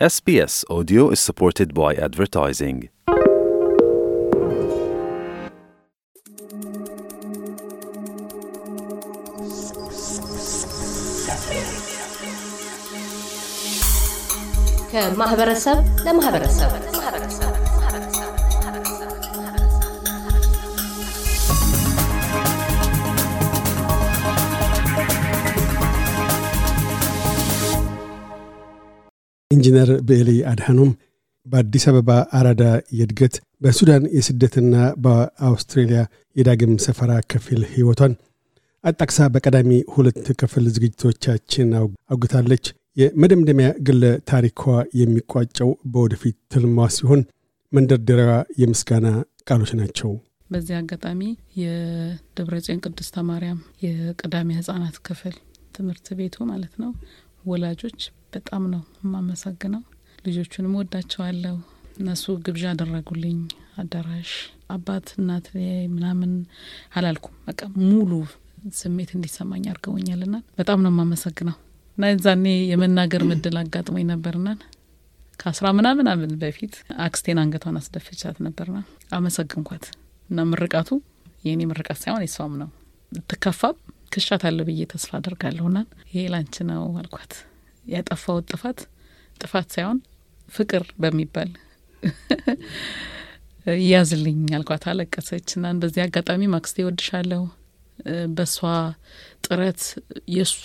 SBS Audio is supported by advertising. كان مهبره سب لا مهبره سب ኢንጂነር ብዕሊ አድሃኖም በአዲስ አበባ አራዳ የእድገት በሱዳን የስደትና በአውስትሬልያ የዳግም ሰፈራ ከፊል ሕይወቷን አጣቅሳ በቀዳሚ ሁለት ክፍል ዝግጅቶቻችን አውግታለች። የመደምደሚያ ግለ ታሪኳ የሚቋጨው በወደፊት ትልሟ ሲሆን መንደርደሪያዋ የምስጋና ቃሎች ናቸው። በዚህ አጋጣሚ የደብረጽዮን ቅድስተ ማርያም የቀዳሚ ህጻናት ክፍል ትምህርት ቤቱ ማለት ነው ወላጆች በጣም ነው የማመሰግነው። ልጆቹንም ወዳቸዋለሁ። እነሱ ግብዣ አደረጉልኝ። አዳራሽ አባት እናት ምናምን አላልኩም። በቃ ሙሉ ስሜት እንዲሰማኝ አድርገውኛልና በጣም ነው የማመሰግነው። እና ዛኔ የመናገር ምድል አጋጥሞኝ ነበርና ከአስራ ምናምን አመት በፊት አክስቴን አንገቷን አስደፍቻት ነበርና አመሰግንኳት እና ምርቃቱ የእኔ ምርቃት ሳይሆን የሷም ነው። ትከፋም ክሻት አለው ብዬ ተስፋ አደርጋለሁና ይሄ ላንቺ ነው አልኳት። ያጠፋሁት ጥፋት ጥፋት ሳይሆን ፍቅር በሚባል እያዝልኝ አልኳት። አለቀሰች እናን በዚህ አጋጣሚ ማክስቴ ወድሻለሁ። በእሷ ጥረት የእሷ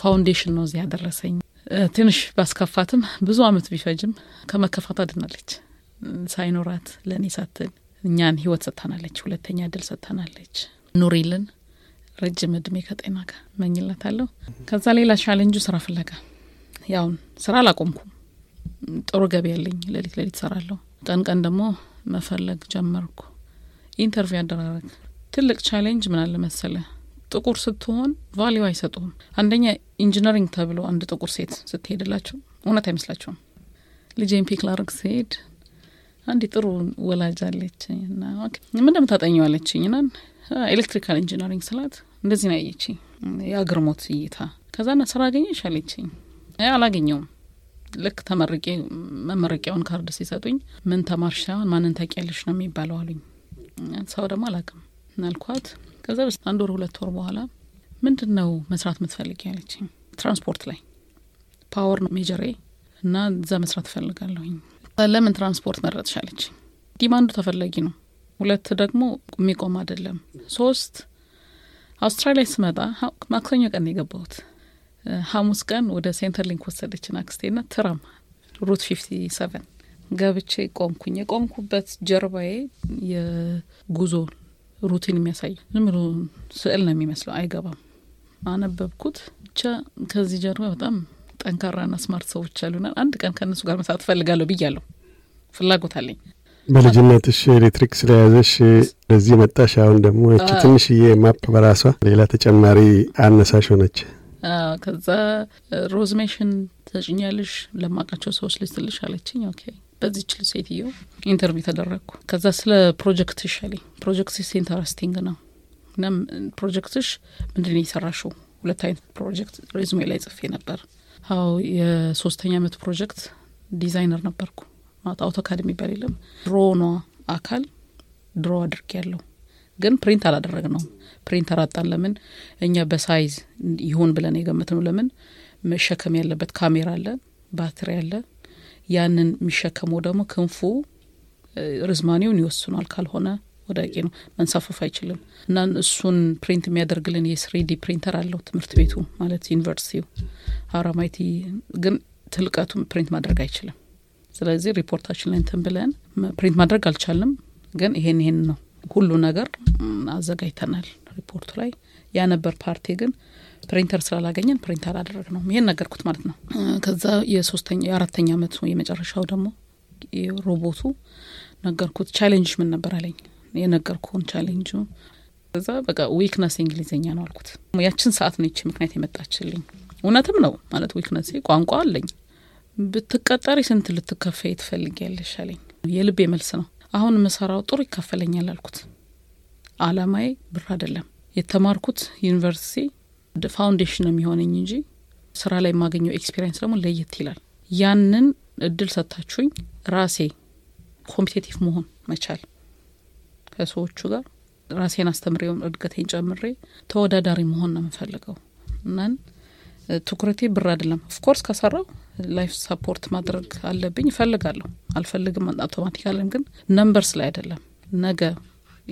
ፋውንዴሽን ነው እዚህ ያደረሰኝ። ትንሽ ባስከፋትም ብዙ አመት ቢፈጅም ከመከፋት አድናለች። ሳይኖራት ለእኔ ሳትል እኛን ህይወት ሰጥታናለች። ሁለተኛ እድል ሰጥታናለች። ኑሪልን ረጅም እድሜ ከጤና ጋር እመኝለታለሁ። ከዛ ሌላ ቻሌንጁ ስራ ፍለጋ ያውን ስራ አላቆምኩም። ጥሩ ገቢ ያለኝ ሌሊት ሌሊት ሰራለሁ፣ ቀን ቀን ደግሞ መፈለግ ጀመርኩ። ኢንተርቪው ያደራረግ ትልቅ ቻሌንጅ ምን አለ መሰለ፣ ጥቁር ስትሆን ቫሊዩ አይሰጡም። አንደኛ ኢንጂነሪንግ ተብሎ አንድ ጥቁር ሴት ስትሄድላቸው እውነት አይመስላቸውም። ልጄን ፒክ ላርግ ስሄድ አንድ ጥሩ ወላጅ አለችኝ እና ምን እንደምታጠኘዋለችኝ ና ኤሌክትሪካል ኢንጂነሪንግ ስላት እንደዚህ ነው ያየችኝ፣ የአግርሞት እይታ። ከዛ ስራ አገኘሽ አለችኝ። አላገኘውም። ልክ ተመርቄ መመረቂያውን ካርድ ሲሰጡኝ ምን ተማርሽ ሳይሆን ማንን ታውቂያለሽ ነው የሚባለው አሉኝ። ሰው ደግሞ አላውቅም አልኳት። ከዛ በስ አንድ ወር ሁለት ወር በኋላ ምንድን ነው መስራት የምትፈልጊ ያለችኝ። ትራንስፖርት ላይ ፓወር ነው ሜጀሬ እና እዛ መስራት እፈልጋለሁኝ። ለምን ትራንስፖርት መረጥሽ ዲማንዱ ተፈላጊ ነው፣ ሁለት ደግሞ የሚቆም አይደለም፣ ሶስት አውስትራሊያ ስመጣ ማክሰኞ ቀን የገባሁት ሐሙስ ቀን ወደ ሴንተር ሊንክ ወሰደችን አክስቴና ትራም ሩት ፊፍቲ ሰቨን ገብቼ ቆምኩኝ። የቆምኩበት ጀርባዬ የጉዞ ሩቲን የሚያሳይ ዝም ብሎ ስዕል ነው የሚመስለው፣ አይገባም። አነበብኩት ብቻ። ከዚህ ጀርባ በጣም ጠንካራና ስማርት ሰዎች አሉናል። አንድ ቀን ከእነሱ ጋር መስራት እፈልጋለሁ ብያለሁ። ፍላጎት አለኝ። በልጅነትሽ ኤሌክትሪክ ስለያዘሽ ለዚህ መጣሽ። አሁን ደግሞ እቺ ትንሽዬ ማፕ በራሷ ሌላ ተጨማሪ አነሳሽ ሆነች። ከዛ ሮዝሜሽን ተጭኛልሽ ለማውቃቸው ሰዎች ልስጥልሽ አለችኝ። ኦኬ በዚች ሴትዮ ኢንተርቪው ተደረግኩ። ከዛ ስለ ፕሮጀክትሽ አለኝ። ፕሮጀክትሽ ኢንተረስቲንግ ነው እና ፕሮጀክትሽ ምንድን የሰራሽው? ሁለት አይነት ፕሮጀክት ሬዝሜ ላይ ጽፌ ነበር። አዎ የሶስተኛ አመት ፕሮጀክት ዲዛይነር ነበርኩ ማለት አውቶካድ የሚባል የለም። ድሮ አካል ድሮ አድርግ ያለው ግን ፕሪንት አላደረግ ነው። ፕሪንተር አጣን። ለምን እኛ በሳይዝ ይሁን ብለን የገመት ነው። ለምን መሸከም ያለበት ካሜራ አለ፣ ባትሪ አለ። ያንን የሚሸከመው ደግሞ ክንፉ ርዝማኔውን ይወስኗል። ካልሆነ ወዳቂ ነው፣ መንሳፈፍ አይችልም። እና እሱን ፕሪንት የሚያደርግልን የስሪዲ ፕሪንተር አለው ትምህርት ቤቱ ማለት ዩኒቨርሲቲው አራማይቲ ግን ትልቀቱም ፕሪንት ማድረግ አይችልም። ስለዚህ ሪፖርታችን ላይ እንትን ብለን ፕሪንት ማድረግ አልቻልም፣ ግን ይሄን ይሄን ነው ሁሉ ነገር አዘጋጅተናል ሪፖርቱ ላይ ያ ነበር። ፓርቲ ግን ፕሪንተር ስላላገኘን ፕሪንት አላደረግ ነው። ይሄን ነገርኩት ማለት ነው። ከዛ የሶስተኛ የአራተኛ አመት የመጨረሻው ደግሞ ሮቦቱ ነገርኩት። ቻሌንጅ ምን ነበር አለኝ። የነገርኩን ቻሌንጁ ከዛ በቃ ዊክነስ እንግሊዝኛ ነው አልኩት። ያችን ሰዓት ነች ምክንያት የመጣችልኝ። እውነትም ነው ማለት ዊክነሴ ቋንቋ አለኝ ብትቀጠሪ ስንት ልትከፈይ ትፈልጊያለሽ አለኝ። የልቤ መልስ ነው። አሁን የምሰራው ጥሩ ይከፈለኛል አልኩት። አላማዬ ብር አይደለም። የተማርኩት ዩኒቨርሲቲ ፋውንዴሽን ነው የሚሆነኝ እንጂ ስራ ላይ የማገኘው ኤክስፔሪንስ ደግሞ ለየት ይላል። ያንን እድል ሰታችሁኝ ራሴ ኮምፒቴቲቭ መሆን መቻል ከሰዎቹ ጋር ራሴን አስተምሬውን እድገቴን ጨምሬ ተወዳዳሪ መሆን ነው የምፈልገው እናን ትኩረቴ ብር አይደለም። ኦፍኮርስ ከሰራው ላይፍ ሰፖርት ማድረግ አለብኝ እፈልጋለሁ፣ አልፈልግም አለም ግን ነምበርስ ላይ አይደለም። ነገ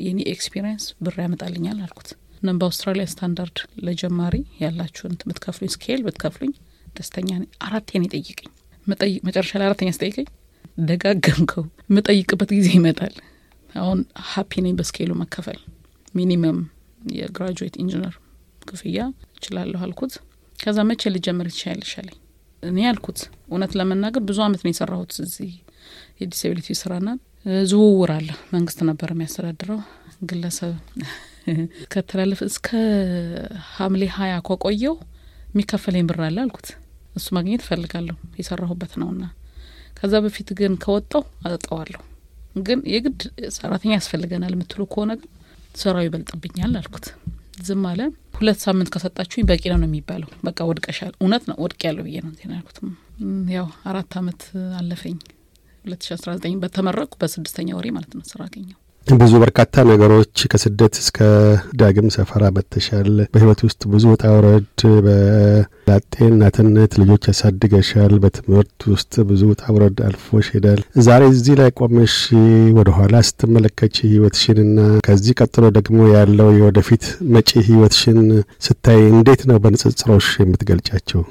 የኔ ኤክስፒሪየንስ ብር ያመጣልኛል አልኩት። ንም በአውስትራሊያ ስታንዳርድ ለጀማሪ ያላችሁን የምትከፍሉኝ ስኬል ብትከፍሉኝ ደስተኛ ነኝ። አራቴን የጠይቀኝ መጨረሻ ላይ አራተኛ ስጠይቀኝ ደጋገምከው የምጠይቅበት ጊዜ ይመጣል። አሁን ሀፒ ነኝ በስኬሉ መከፈል ሚኒመም የግራጁዌት ኢንጂነር ክፍያ እችላለሁ አልኩት። ከዛ መቼ ልጀምር ይቻልሽ አለኝ። እኔ ያልኩት እውነት ለመናገር ብዙ አመት ነው የሰራሁት እዚህ የዲስብሊቲ ስራና ዝውውር አለ። መንግስት ነበር የሚያስተዳድረው ግለሰብ ከተላለፍ እስከ ሐምሌ ሀያ ከቆየው የሚከፈለኝ ብር አለ አልኩት። እሱ ማግኘት እፈልጋለሁ የሰራሁበት ነውና፣ ከዛ በፊት ግን ከወጣው አጠጠዋለሁ። ግን የግድ ሰራተኛ ያስፈልገናል የምትሉ ከሆነ ግን ስራው ይበልጥብኛል አልኩት። ዝም አለ። ሁለት ሳምንት ከሰጣችሁኝ በቂ ነው ነው የሚባለው። በቃ ወድቀሻል። እውነት ነው ወድቅ ያለው ብዬ ነው እንትን ያልኩት። ያው አራት አመት አለፈኝ። ሁለት ሺ አስራ ዘጠኝ በተመረቅኩ በስድስተኛ ወሬ ማለት ነው ስራ አገኘው ብዙ በርካታ ነገሮች ከስደት እስከ ዳግም ሰፈራ መጥተሻል። በህይወት ውስጥ ብዙ ውጣ ውረድ፣ በላጤ እናትነት ልጆች ያሳድገሻል። በትምህርት ውስጥ ብዙ ውጣ ውረድ አልፎሽ ሄዳል። ዛሬ እዚህ ላይ ቆመሽ ወደኋላ ስትመለከች ህይወትሽንና ከዚህ ቀጥሎ ደግሞ ያለው የወደፊት መጪ ህይወትሽን ስታይ እንዴት ነው በንጽጽሮሽ የምትገልጫቸው?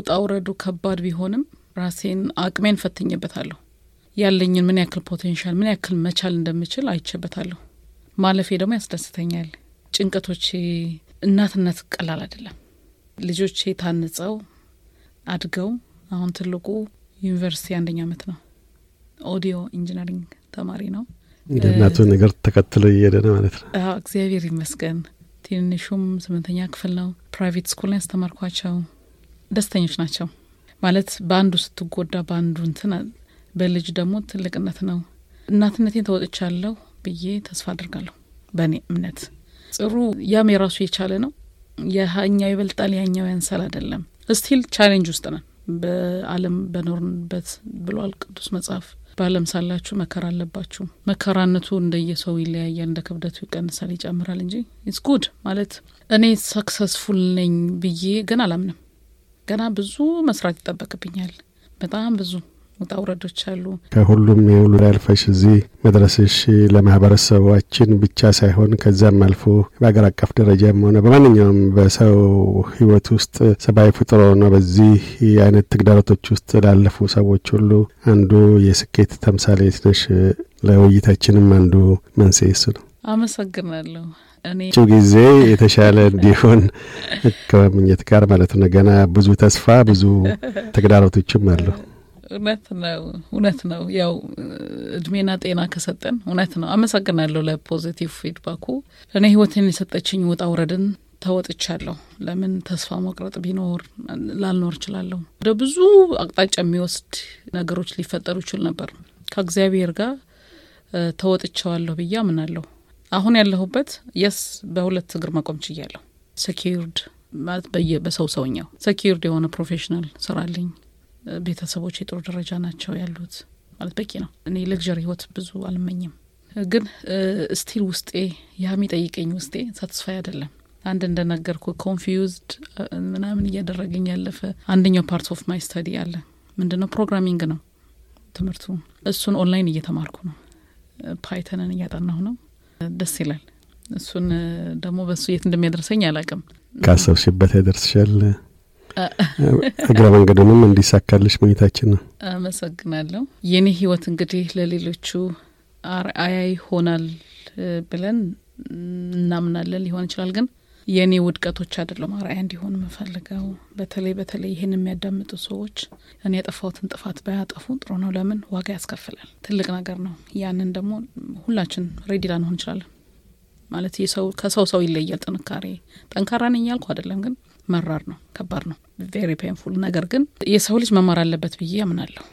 ውጣ ውረዱ ከባድ ቢሆንም ራሴን አቅሜን ፈትኝበታለሁ። ያለኝን ምን ያክል ፖቴንሻል ምን ያክል መቻል እንደምችል አይቼበታለሁ። ማለፌ ደግሞ ያስደስተኛል። ጭንቀቶቼ እናትነት ቀላል አይደለም። ልጆቼ ታንጸው አድገው አሁን ትልቁ ዩኒቨርሲቲ አንደኛ ዓመት ነው። ኦዲዮ ኢንጂነሪንግ ተማሪ ነው። እንደ እናቱ ነገር ተከትሎ እየሄደ ነው ማለት ነው። እግዚአብሔር ይመስገን። ትንሹም ስምንተኛ ክፍል ነው። ፕራይቬት ስኩል ያስተማርኳቸው ደስተኞች ናቸው። ማለት በአንዱ ስትጎዳ በአንዱ እንትን በልጅ ደግሞ ትልቅነት ነው። እናትነቴን ተወጥቻለሁ ብዬ ተስፋ አድርጋለሁ። በእኔ እምነት ጽሩ ያም የራሱ የቻለ ነው። የሀኛው ይበልጣል ያኛው ያንሳል አይደለም። ስቲል ቻሌንጅ ውስጥ ነን። በዓለም በኖርንበት ብሏል ቅዱስ መጽሐፍ። በዓለም ሳላችሁ መከራ አለባችሁ። መከራነቱ እንደየሰው ይለያያል፣ እንደ ክብደቱ ይቀንሳል ይጨምራል እንጂ ኢትስ ጉድ ማለት እኔ ሰክሰስፉል ነኝ ብዬ ግን አላምንም። ገና ብዙ መስራት ይጠበቅብኛል። በጣም ብዙ ውጣ ውረዶች አሉ። ከሁሉም የሁሉ ያልፈሽ እዚህ መድረስሽ ለማህበረሰባችን ብቻ ሳይሆን ከዚያም አልፎ በሀገር አቀፍ ደረጃም ሆነ በማንኛውም በሰው ህይወት ውስጥ ሰብአዊ ፍጥሮ ነው። በዚህ አይነት ተግዳሮቶች ውስጥ ላለፉ ሰዎች ሁሉ አንዱ የስኬት ተምሳሌት ነሽ። ለውይይታችንም አንዱ መንስኤ እሱ ነው። አመሰግናለሁ። እኔ ጊዜ የተሻለ እንዲሆን ከመምኘት ጋር ማለት ነው። ገና ብዙ ተስፋ ብዙ ተግዳሮቶችም አሉ። እውነት ነው፣ እውነት ነው። ያው እድሜና ጤና ከሰጠን እውነት ነው። አመሰግናለሁ ለፖዚቲቭ ፊድባኩ። እኔ ህይወትን የሰጠችኝ ውጣ ውረድን ተወጥቻለሁ። ለምን ተስፋ መቁረጥ ቢኖር ላልኖር ይችላለሁ። ወደ ብዙ አቅጣጫ የሚወስድ ነገሮች ሊፈጠሩ ይችል ነበር። ከእግዚአብሔር ጋር ተወጥቸዋለሁ ብዬ አምናለሁ። አሁን ያለሁበት የስ በሁለት እግር መቆም ችያለሁ። ሴኪርድ ማለት በየ በሰው ሰውኛው ሴኪርድ የሆነ ፕሮፌሽናል ስራ አለኝ። ቤተሰቦች የጥሩ ደረጃ ናቸው ያሉት ማለት በቂ ነው። እኔ ለግዠሪ ህይወት ብዙ አልመኝም፣ ግን ስቲል ውስጤ ያ የሚጠይቀኝ ውስጤ ሳትስፋይ አይደለም። አንድ እንደነገርኩ ኮንፊውዝድ ምናምን እያደረገኝ ያለፈ አንደኛው ፓርት ኦፍ ማይ ስተዲ አለ። ምንድነው? ፕሮግራሚንግ ነው ትምህርቱ። እሱን ኦንላይን እየተማርኩ ነው። ፓይተንን እያጠናሁ ነው። ደስ ይላል። እሱን ደግሞ በእሱ የት እንደሚያደርሰኝ አላቅም። ካሰብሽበት ያደርስሻል። እግረ መንገድንም እንዲሳካልሽ መኝታችን ነው። አመሰግናለሁ። የኔ ህይወት እንግዲህ ለሌሎቹ አርአያ ይሆናል ብለን እናምናለን። ሊሆን ይችላል ግን የእኔ ውድቀቶች አይደለም አርአያ እንዲሆን የምፈልገው። በተለይ በተለይ ይህን የሚያዳምጡ ሰዎች እኔ ያጠፋሁትን ጥፋት ባያጠፉ ጥሩ ነው። ለምን ዋጋ ያስከፍላል፣ ትልቅ ነገር ነው። ያንን ደግሞ ሁላችን ሬዲ ላንሆን እንችላለን። ማለት ከሰው ሰው ይለያል። ጥንካሬ ጠንካራ ነኝ ያልኩ አይደለም ግን መራር ነው፣ ከባድ ነው፣ ቬሪ ፔንፉል። ነገር ግን የሰው ልጅ መማር አለበት ብዬ አምናለሁ።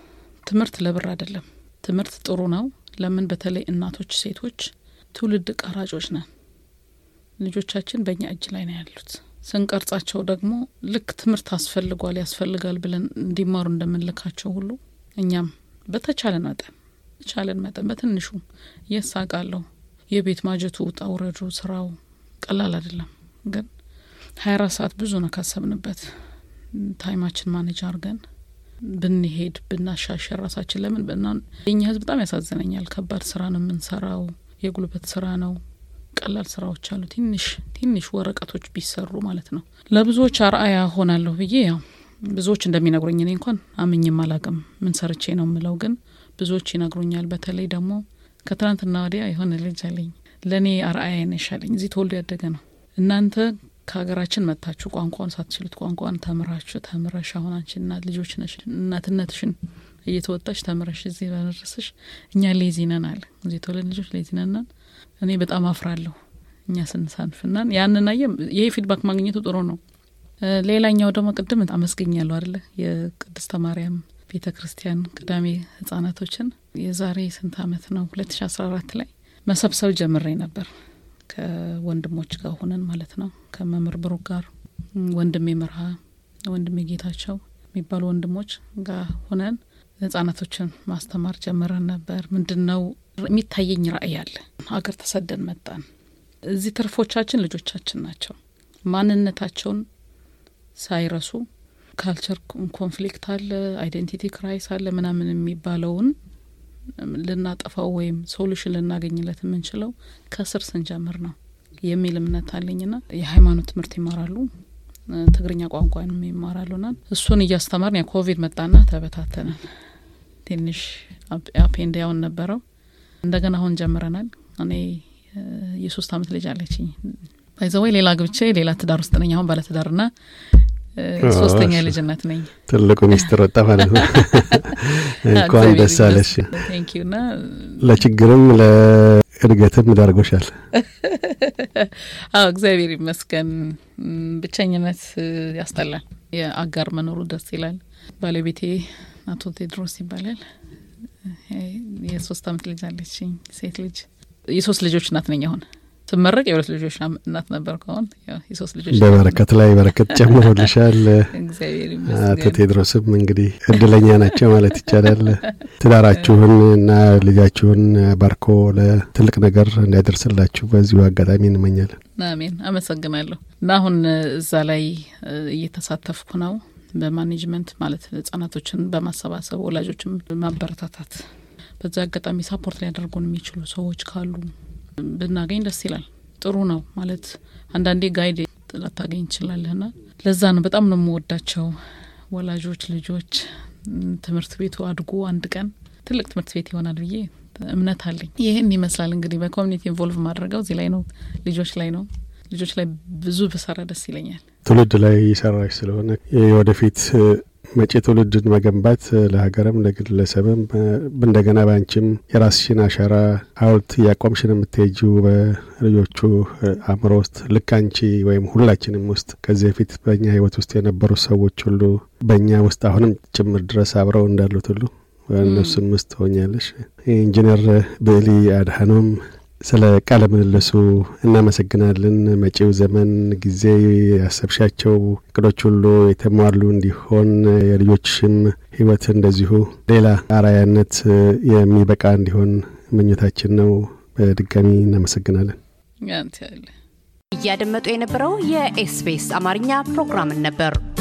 ትምህርት ለብር አይደለም። ትምህርት ጥሩ ነው። ለምን? በተለይ እናቶች፣ ሴቶች ትውልድ ቀራጮች ነን። ልጆቻችን በእኛ እጅ ላይ ነው ያሉት። ስንቀርጻቸው ደግሞ ልክ ትምህርት አስፈልጓል ያስፈልጋል ብለን እንዲማሩ እንደምንልካቸው ሁሉ እኛም በተቻለን መጠን በተቻለን መጠን በትንሹ የሳቃለሁ የቤት ማጀቱ ውጣ ውረዱ ስራው ቀላል አይደለም ግን ሀያ አራት ሰዓት ብዙ ነው ካሰብንበት ታይማችን ማኔጅ አድርገን ብንሄድ ብናሻሸር ራሳችን ለምን ብና የኛ ህዝብ በጣም ያሳዝነኛል። ከባድ ስራ ነው የምንሰራው፣ የጉልበት ስራ ነው። ቀላል ስራዎች አሉ። ትንሽ ትንሽ ወረቀቶች ቢሰሩ ማለት ነው። ለብዙዎች አርአያ ሆናለሁ ብዬ ያው ብዙዎች እንደሚነግሩኝ እኔ እንኳን አምኝም አላቅም ምን ሰርቼ ነው የምለው፣ ግን ብዙዎች ይነግሩኛል። በተለይ ደግሞ ከትናንትና ወዲያ የሆነ ልጅ አለኝ ለእኔ አርአያ ነሽ አለኝ። እዚህ ተወልዶ ያደገ ነው እናንተ ከሀገራችን መታችሁ ቋንቋን ሳትችሉት ቋንቋን ተምራችሁ ተምረሽ አሁን አንቺ እናት ልጆች ነሽ እናትነትሽን እየተወጣሽ ተምረሽ እዚህ በደረስሽ እኛ ሌዚ አለ እዚህ የተወለድ ልጆች ሌዚ እኔ በጣም አፍራለሁ እኛ ስንሳንፍናን ያንን አየ ይሄ ፊድባክ ማግኘቱ ጥሩ ነው ሌላኛው ደግሞ ቅድም አመስገኛለሁ አደለ የቅድስተ ማርያም ቤተ ክርስቲያን ቅዳሜ ህጻናቶችን የዛሬ ስንት አመት ነው ሁለት ሺ አስራ አራት ላይ መሰብሰብ ጀምሬ ነበር ከወንድሞች ጋር ሆነን ማለት ነው ከመምህር ብሩክ ጋር ወንድሜ መርሃ ወንድሜ ጌታቸው የሚባሉ ወንድሞች ጋር ሆነን ህጻናቶችን ማስተማር ጀምረን ነበር። ምንድን ነው የሚታየኝ ራዕይ አለ። ሀገር ተሰደን መጣን። እዚህ ትርፎቻችን ልጆቻችን ናቸው። ማንነታቸውን ሳይረሱ ካልቸር ኮንፍሊክት አለ፣ አይዴንቲቲ ክራይስ አለ ምናምን የሚባለውን ልናጠፋው ወይም ሶሉሽን ልናገኝለት የምንችለው ከስር ስንጀምር ነው የሚል እምነት አለኝና የሃይማኖት ትምህርት ይማራሉ ትግርኛ ቋንቋንም ይማራሉና እሱን እያስተማርን የኮቪድ መጣና ተበታተነን ትንሽ አፔንድ ያውን ነበረው እንደገና አሁን ጀምረናል እኔ የሶስት አመት ልጅ አለችኝ ባይዘወይ ሌላ ግብቼ ሌላ ትዳር ውስጥ ነኝ አሁን ባለትዳርና ሶስተኛ ልጅ ነኝ። ትልቁ ሚስጥር ወጣ ማለት ነው። እንኳን ደስ አለሽ። ለችግርም ለእድገትም ዳርጎሻል። አዎ እግዚአብሔር ይመስገን። ብቸኝነት ያስጠላል። የአጋር መኖሩ ደስ ይላል። ባለቤቴ አቶ ቴድሮስ ይባላል። የሶስት አመት ልጅ አለችኝ ሴት ልጅ። የሶስት ልጆች እናት ነኝ አሁን ስመረቅ የሁለት ልጆች እናት ነበር። ከሆን የሶስት ልጆች በበረከት ላይ በረከት ጨምሮልሻል። እግዚአብሔር አቶ ቴድሮስም እንግዲህ እድለኛ ናቸው ማለት ይቻላል። ትዳራችሁን እና ልጃችሁን ባርኮ ለትልቅ ነገር እንዳይደርስላችሁ በዚሁ አጋጣሚ እንመኛለን። አሜን። አመሰግናለሁ። እና አሁን እዛ ላይ እየተሳተፍኩ ነው በማኔጅመንት ማለት ህጻናቶችን በማሰባሰብ ወላጆችን ማበረታታት በዛ አጋጣሚ ሳፖርት ሊያደርጉን የሚችሉ ሰዎች ካሉ ብናገኝ ደስ ይላል። ጥሩ ነው ማለት አንዳንዴ ጋይድ ላታገኝ ይችላለህና ለዛ ነው በጣም ነው የምወዳቸው ወላጆች ልጆች። ትምህርት ቤቱ አድጎ አንድ ቀን ትልቅ ትምህርት ቤት ይሆናል ብዬ እምነት አለኝ። ይህን ይመስላል እንግዲህ በኮሚኒቲ ኢንቮልቭ ማድረገው እዚህ ላይ ነው፣ ልጆች ላይ ነው። ልጆች ላይ ብዙ ብሰራ ደስ ይለኛል። ትውልድ ላይ የሰራች ስለሆነ ወደፊት መጪ ትውልድን መገንባት ለሀገርም ለግለሰብም እንደገና በአንቺም የራስሽን አሻራ ሀውልት እያቆምሽን የምትሄጂው በልጆቹ አእምሮ ውስጥ ልክ አንቺ ወይም ሁላችንም ውስጥ ከዚህ በፊት በእኛ ህይወት ውስጥ የነበሩ ሰዎች ሁሉ በእኛ ውስጥ አሁንም ጭምር ድረስ አብረው እንዳሉት ሁሉ እነሱም ውስጥ ሆኛለሽ። ኢንጂነር ብዕሊ አድሃኖም ስለ ቃለ ምልልሱ እናመሰግናለን። መጪው ዘመን ጊዜ ያሰብሻቸው እቅዶች ሁሉ የተሟሉ እንዲሆን የልጆችም ሕይወት እንደዚሁ ሌላ አራያነት የሚበቃ እንዲሆን ምኞታችን ነው። በድጋሚ እናመሰግናለን። እያደመጡ የነበረው የኤስቢኤስ አማርኛ ፕሮግራምን ነበር።